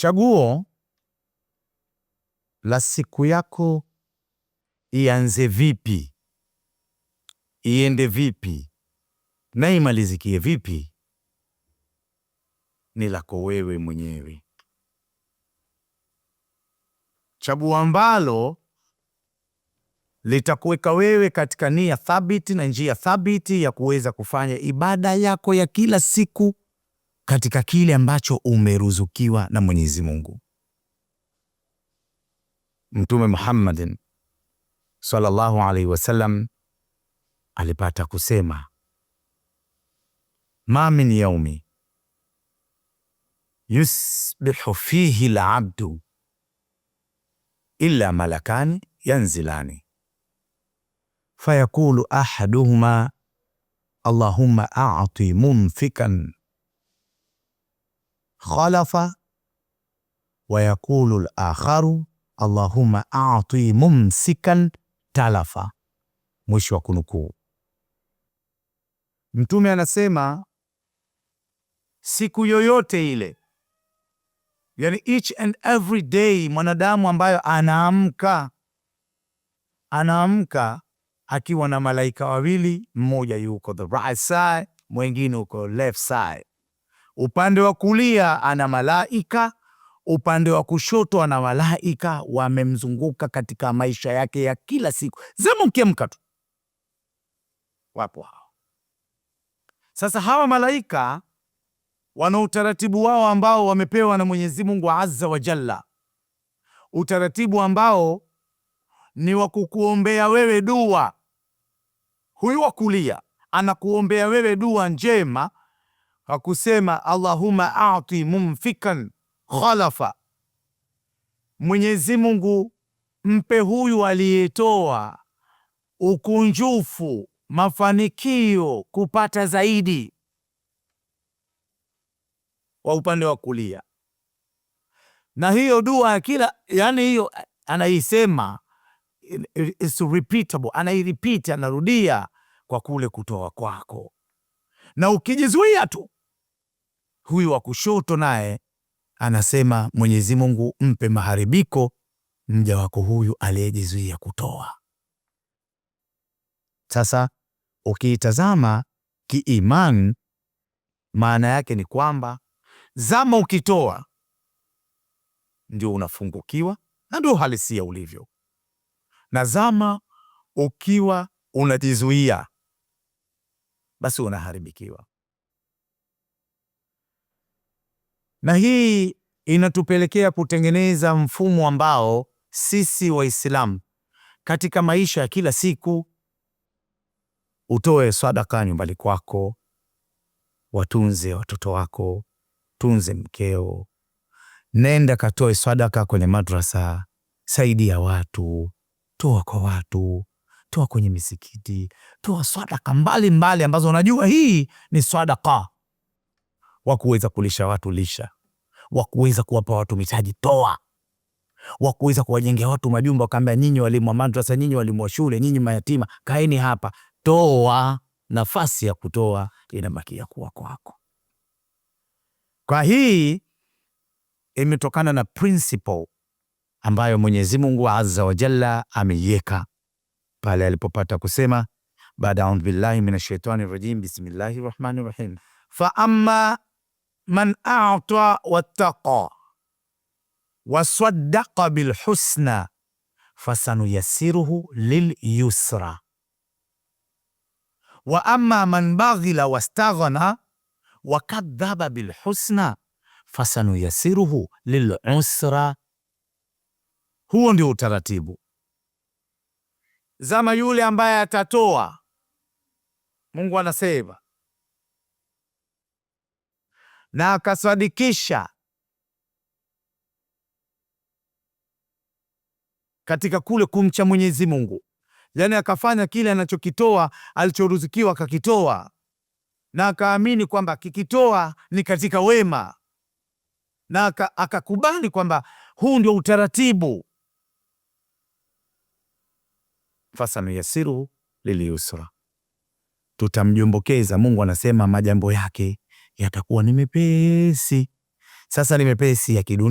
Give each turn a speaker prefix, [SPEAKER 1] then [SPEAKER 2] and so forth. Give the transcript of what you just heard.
[SPEAKER 1] Chaguo la siku yako ianze vipi, iende vipi na imalizikie vipi ni lako wewe mwenyewe. Chaguo ambalo litakuweka wewe katika nia thabiti na njia thabiti ya kuweza kufanya ibada yako ya kila siku katika kile ambacho umeruzukiwa na Mwenyezi Mungu. Mtume Muhammadin sallallahu alaihi wasallam alipata kusema ma min yaumi yusbihu fihi labdu illa malakani yanzilani fayaqulu ahaduhuma allahumma a'ti munfikan khalafa wa yaqulu al-akharu allahumma a'ti mumsikan talafa, mwisho wa kunukuu. Mtume anasema siku yoyote ile, yani each and every day, mwanadamu ambayo anaamka anaamka akiwa na malaika wawili, mmoja yuko the right side, mwengine uko left side Upande wa kulia ana malaika, upande wa kushoto ana malaika wamemzunguka katika maisha yake ya kila siku. zama mkiamka tu wapo hao. Sasa hawa malaika wana utaratibu wao ambao wamepewa na Mwenyezi Mungu Azza wa Jalla, utaratibu ambao ni wa kukuombea wewe dua. Huyu wa kulia anakuombea wewe dua njema hakusema allahumma ati mumfikan khalafa, Mwenyezi Mungu mpe huyu aliyetoa ukunjufu, mafanikio, kupata zaidi kwa upande wa kulia. Na hiyo dua ya kila yani, hiyo anaisema is repeatable, anairepeat, anarudia kwa kule kutoa kwako, na ukijizuia tu Huyu wa kushoto naye anasema Mwenyezi Mungu mpe maharibiko mja wako huyu aliyejizuia kutoa. Sasa ukiitazama kiimani, maana yake ni kwamba zama ukitoa ndio unafungukiwa na ndio uhalisia ulivyo, na zama ukiwa unajizuia basi unaharibikiwa. na hii inatupelekea kutengeneza mfumo ambao sisi Waislamu katika maisha ya kila siku, utoe sadaka nyumbani kwako, watunze watoto wako, tunze mkeo, nenda katoe sadaka kwenye madrasa, saidia watu, toa kwa watu, toa kwenye misikiti, toa sadaka mbalimbali ambazo unajua hii ni sadaka wa kuweza kulisha watu lisha wa kuweza kuwapa watu mitaji toa, wa kuweza kuwajengea watu majumba, wakaambia nyinyi walimu wa madrasa, nyinyi walimu wa shule, nyinyi mayatima, kaeni hapa, toa. Nafasi ya kutoa inabakia kuwa kwako. Kwa hii imetokana na principle ambayo Mwenyezi Mungu Azza wa Jalla ameiweka pale alipopata kusema baada audhu billahi minash shaitani rajim bismillahi rahmani rahim fa amma من أعطى واتقى وصدق بالحسنى فسنيسره لليسرى وأما من بغل واستغنى وكذب بالحسنى فسنيسره للعسرى هو ndio utaratibu zama yule ambaye atatoa Mungu anasema na akasadikisha katika kule kumcha Mwenyezi Mungu, yaani akafanya kile anachokitoa alichoruzikiwa akakitoa, na akaamini kwamba kikitoa ni katika wema, na akakubali kwamba huu ndio utaratibu. Fasanuyasiru yasiru liliusra tutamjombokeza Mungu anasema majambo yake yatakuwa ni mepesi. Sasa ni mepesi ya kidunia.